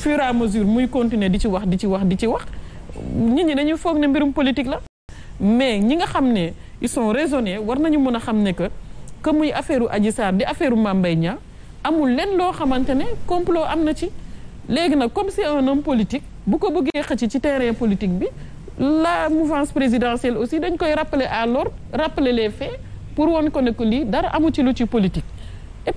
fur et à mesure muy continuer di ci wax di ci wax di ci wax nit ñi dañuy foog ne mbirum politique la mais ñi nga xam ne il sont raisonnés war nañu mën a xam ne que que muy affaire u Adji Sarr di affaire u Mame amul lenn loo xamante ne complot am na ci léegi nag comme c'est un homme politique bu ko bëggee xëcc ci terrain politique bi la mouvance présidentielle aussi dañ koy rappeler à l'ordre rappeler les faits pour won ko nekk lii dara amu ci lu ci politique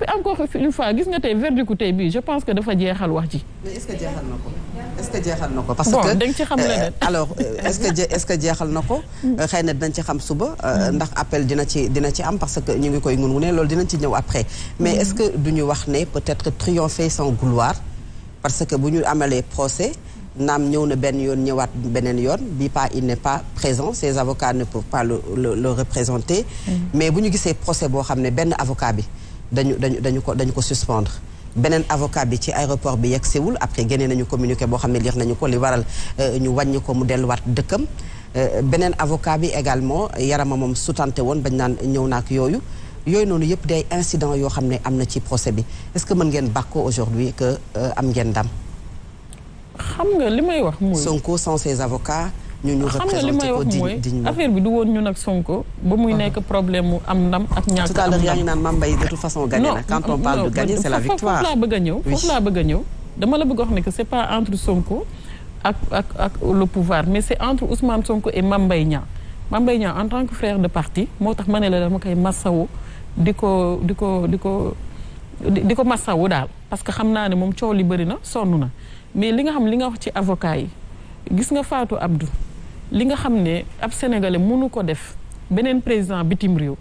et encore une fois gis nga tey verdict tey bii je pense que dafa jeexal wax ji. mais na ko est que na parce que dañ ci xam la alors ce que jeexal na ko. xëy na dinañ ci xam suba. Euh, ndax appel dina ci dina ci am parce que ñu ngi koy ngun ne loolu dina ci ñëw après. mais est-ce que du ñu wax ne peut-être triompher sans gloire parce que bu ñu amalee procès. naam ñëw na benn yoon ñëwaat beneen yoon bi pas il n'est pas présent ses avocats ne peuvent pas le représenter. Mm. mais bu ñu gisee procès boo xam ne benn avocat bi. dañu dañu dañu ko dañu ko suspendre beneen avocat bi ci aéroport bi yegg siwul après génnee nañu communiqué boo xam ne liir nañu ko li waral euh, ñu wàññi ko mu delluwaat dëkkam euh, beneen avocat bi également yarama moom sutante woon bañ naan ñëw naak yooyu yooyu noonu yëpp day incident yoo xam ne am na ci procès bi est-ce que mën ngeen bakkoo aujourd'hui que euh, am ngeen dam xam nga li may wax mooy Sonko sans ses avocats ñu ñu représenté ko di di ñu affaire bi du woon ñun ak Sonko. ba muy ah. nekk problème mu am ndam ak ñàkk am ndam. yaa ngi naan Mame Mbaye de toute façon gagné na. foofu laa bëgg a ñëw foofu laa bëgg a ñëw. dama la bëgg a wax ne que c'est pas entre Sonko ak ak ak le pouvoir mais c'est entre Ousmane Sonko et Mame Mbaye Niang. Mame en tant que frère de parti moo tax ma ne la dama koy massawu di ko di ko di ko di ko massawu daal parce que xam naa ne moom coow li bëri na sonn na mais li nga xam li nga wax ci avocat yi gis nga Fatou Abdou li nga xam ne ab sénégalais mënu ko def beneen président bitim réew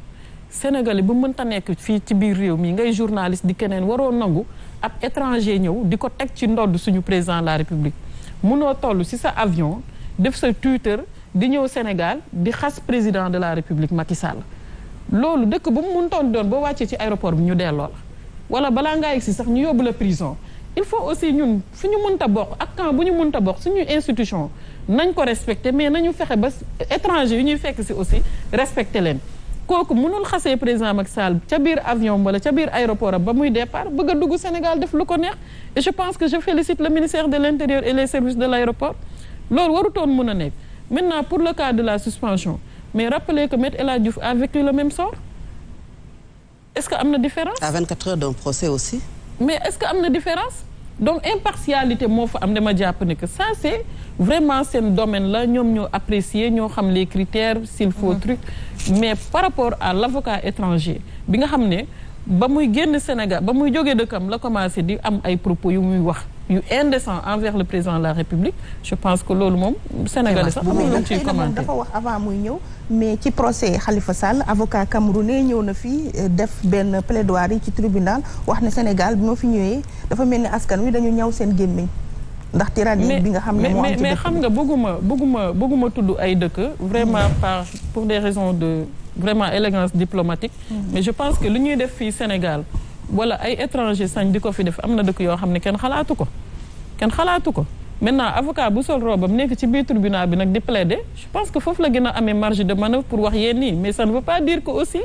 sénégalais bu ta nekk fii ci biir réew mi ngay journaliste di keneen waroo nagu ab étranger ñëw di ko teg ci ndodd suñu président la république mënoo toll si sa avion def sa Twitter di ñëw Sénégal di xas président de la république Macky Sall loolu dëkk bu mu mun mëntoon doon ba wàccee ci aéroport bi ñu delloo la wala balaa ngaa yegg si sax ñu yóbbu la prison il faut aussi ñun fu ñu mënta bokk ak camp bu ñu mënta bokk suñu institution nañ ko respecté mais nañu fexe ba étranger yu ñuy fekk si aussi respecté leen kooku mënul xasee président Macky Sall ca biir avion wala ca biir aéroport ba muy départ bëgg a dugg Sénégal def lu ko neex et je pense que je félicite le ministère de l'intérieur et les services de l'aéroport loolu warutoon mën a nekk maintenant pour le cas de la suspension mais rappelez que Maître El Hadji Diouf a vécu le est-ce que am na différence à 24 heures aussi mais est-ce que am na différence donc impartialité moo fa am dama jàpp ne que ça c'est vraiment seen domaine la ñoom ñoo apprécier ñoo xam les critères s'il faut mm-hmm. truc mais par rapport à l'avocat étranger bi nga xam ne ba muy génn Sénégal ba muy jógee dëkkam la commencé di am ay propos yu muy wax yu indécent envers le président de la République je pense que loolu moom sénégalais sax amul dafa wax avant muy ñëw mais ci procès Khalifa Sall avocat camerounais ñëw na fii euh, def benn plaidoirie ci tribunal wax ne Sénégal bi ma fi ñëwee dafa mel ni askan wi dañu ñaw seen gémmiñ ndax tyrannie bi nga xam ne moo am mais xam nga bëgguma bëgguma bëgguma tudd ay dëkk vraiment mm-hmm. par pour des raisons de vraiment élégance diplomatique mm-hmm. mais je pense que li ñuy def fii Sénégal wala ay étranger sañ di ko fi def am na dëkk yoo xam ne kenn xalaatu ko kenn xalaatu ko maintenant avocat bu sol roobam nekk ci biir tribunal bi nag di plaider je pense que foofu la gën a amee marge de manœuvre pour wax yenn yi mais ça ne veut pas dire que aussi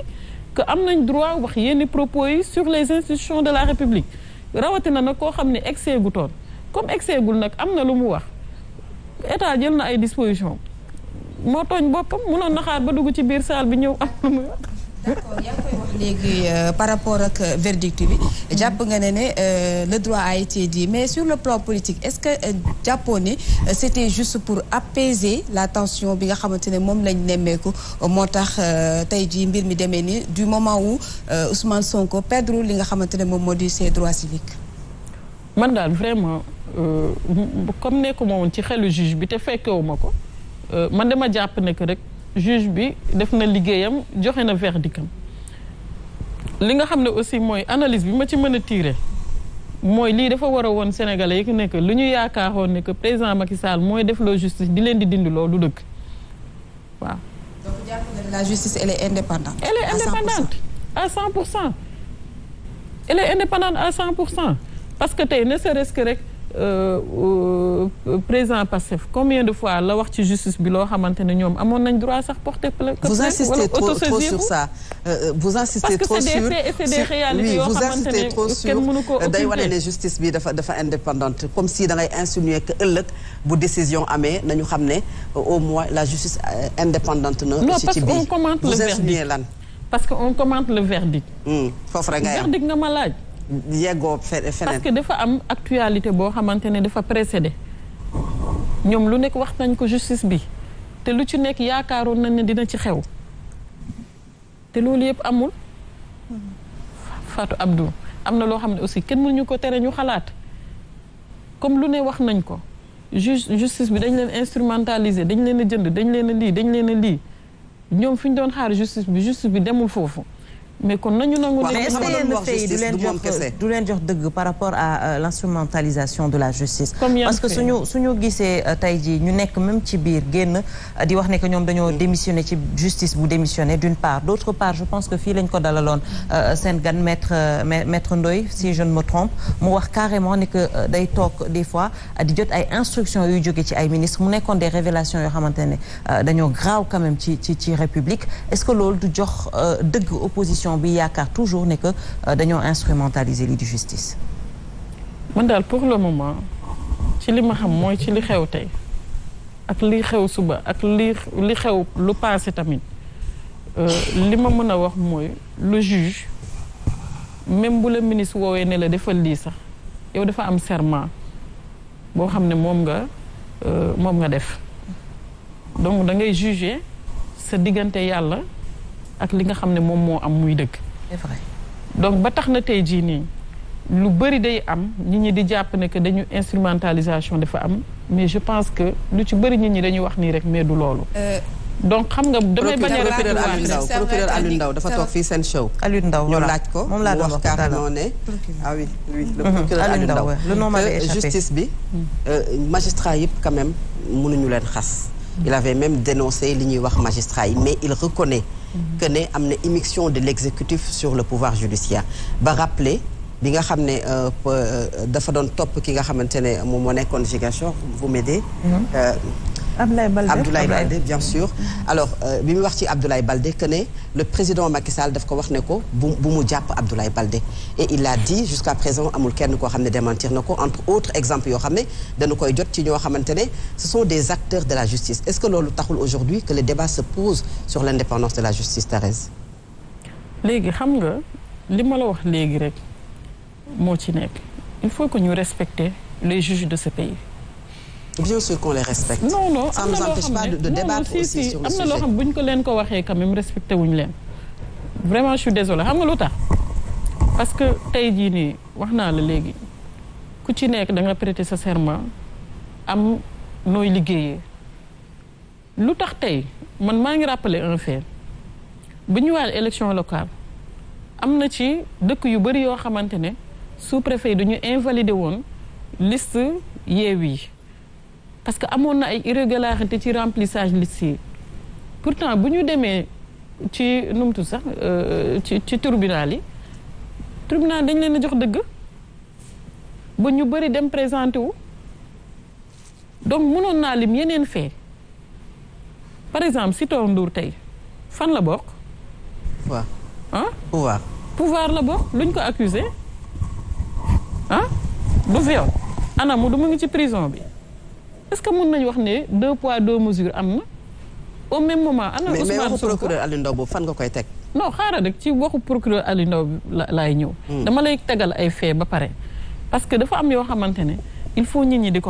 que am nañ droit wax yenn propos yi sur les institutions de la république rawatina nag koo xam ne excès gu toon comme excès gul nag am na lu mu wax état jël na ay dispositions moo tooñ boppam mënoon na xaar ba dugg ci biir saal bi ñëw am lu muy wax d'accord yaa léegi euh, par rapport ak euh, verdict bi jàpp nga ne ne euh, le droit a été dit mais sur le plan politique est-ce que jàppoon ne c'était juste pour apaiser la tension bi nga xamante ne moom lañ nemmeeku moo tax tey jii mbir mi demee ni du moment où Ousmane Sonko perdre li nga xamante ne moom moo di ses droits man daal vraiment comme nekkuma woon ci xelu juge bi te fekkewu ma ko man dama jàpp ne que rek. juge bi def na liggéeyam joxe na verdict am li nga xam ne aussi mooy analyse bi ma ci mën a tiire mooy lii dafa war a woon sénégalais yi nekk li ñu yaakaaroon ne que président Macky Sall mooy def loo justice di leen di dindi loo du dëkk waaw. donc jàpp nga la justice elle est indépendante. à 100 pour parce que tey ne serait-ce rek. Euh, euh, président Pastef combien de fois la wax ci justice bi loo xamante ne ñoom amoon nañ droit sax porter plainte vous insistez trop trop sur ça euh, vous insistez trop sur oui vous insistez trop sur day wane ne justice bi dafa dafa indépendante comme si da ngay insinuer que ëllëg bu décision amee nañu xam ne au mois la justice indépendante na ci ci bi vous insinuer lan parce que on commente le verdict hmm, foofu nga verdict yeggoo feneen. parce que dafa am actualité boo xamante ne dafa précédé ñoom lu nekk wax nañ ko justice bi te lu ci nekk yaakaaroon nañ ne dina ci xew te loolu yëpp amul Fatou Abdou am na loo xam ne aussi kenn ñu ko tere ñu xalaat comme lu ne wax nañ ko justice bi dañ leen instrumentaliser dañ leen jënd dañ leen a lii dañ leen lii ñoom fi ñu doon xaar justice bi justice bi demul foofu mais kon nañu nangu ne du leen jox du leen jox dëgg par rapport à euh, l'instrumentalisation de la justice parce que suñu suñu gisee euh, tey jii ñu nekk même ci biir génn euh, di wax ne que ñoom dañoo démissionné ci justice bu démissionné d'une part d'autre part je pense que fii lañ ko dalaloon seen gan maître maître Ndoye si je ne me trompe mu wax carrément ne day toog des fois di jot ay instructions yuy jóge ci ay ministres mu nekkoon des révélations yoo xamante ne dañoo graaw quand même ci ci ci république est-ce que loolu du jox dëgg opposition opposition bi yaakaar toujours ne que euh, dañoo instrumentaliser lii di justice. man daal pour le moment ci li ma xam mooy ci li xew tey ak li xew suba ak li li xew lu passé tamit euh, li ma mën a wax mooy le juge même bu la ministre woowee ne la defal lii sax yow dafa am serment boo xam ne moom nga euh, moom nga def donc da ngay juger sa diggante yàlla. ak li nga xam ne moom moo am muy dëkk c'est donc ba tax na tey jii nii lu bëri day am nit ñi di jàpp ne que dañu instrumentalisation dafa am mais je pense que lu ci bari nit ñi dañuy wax nii rek mais du loolu. Euh, donc xam nga damay bañ a répété waat procureur Aliou Ndao fii seen show. Aliou Ndao ñu laaj ko moom laa wax carrément ne. ah oui oui le mm-hmm. procureur Aliou Ndao le nom m'avait échappé justice bi. Mm-hmm. Euh, magistrat yëpp quand même leen xas. il avait même dénoncé li ñuy wax magistrat yi mais il reconnaît. que ne am na immixtion de l'exécutif sur le pouvoir judiciaire ba rappeler bi nga xam ne euh, euh, dafa doon topp ki nga xamante ne moom moo nekkoon Ziguinchor vous m'aidez Abdoulaye Balde Abdoulaye Balde bien sûr. alors euh, bi mu wax ci Abdoulaye Balde que ne le président Macky Sall daf ko wax ne ko bu bu mu jàpp Abdoulaye Balde. et il a dit jusqu'à présent amul kenn koo xam ne démentir na ko entre exemple exemples yoo xam ne dañu koy jot ci ñoo xamante ne ce sont des acteurs de la justice est-ce que loolu taxul aujourd'hui que le débat se pose sur l'indépendance de la justice Thérèse. léegi xam nga li ma la wax léegi rek moo ci nekk il faut que ñu respecter les juges de bien sûr qu'on les respecte. non non ça ne nous empêche pas loo xam bu ñu ko leen ko waxee quand même respecté wuñu leen vraiment je suis désolée xam nga lu tax parce que tey jii nii wax naa la léegi ku ci nekk da nga sa serment am nooy liggéeyee lu tax tey man maa ngi rappeler un fait bu ñu waal élection locale am na ci dëkk yu bëri yoo xamante ne sous-préfet yi dañu invalider woon liste yi parce que amoon na ay irrégularité ci remplissage liste yi pourtant bu ñu demee ci numtu sax euh, ci ci tribunal yi tribunal dañ leen a jox dëgg ba ñu bëri dem présenté wu donc mënoon naa lim yeneen fee par exemple Sitor nduur tey fan la bokk. waaw ah. pouvoir pouvoir la bokk luñ ko accusé ah du viol anamu du mu ngi ci prison bi. est-ce que mën nañu wax ne deux pois deux mesures am na au même moment. ana Ousmane Sonko mais mais waxu procureur Aliou boobu fan nga koy teg. non xaaral rek ci waxu procureur Aliou Ndao bi laay ñëw. Hmm. dama lay tegal ay fait ba pare. parce que dafa am yoo xamante ne il faut nit ñi di ko.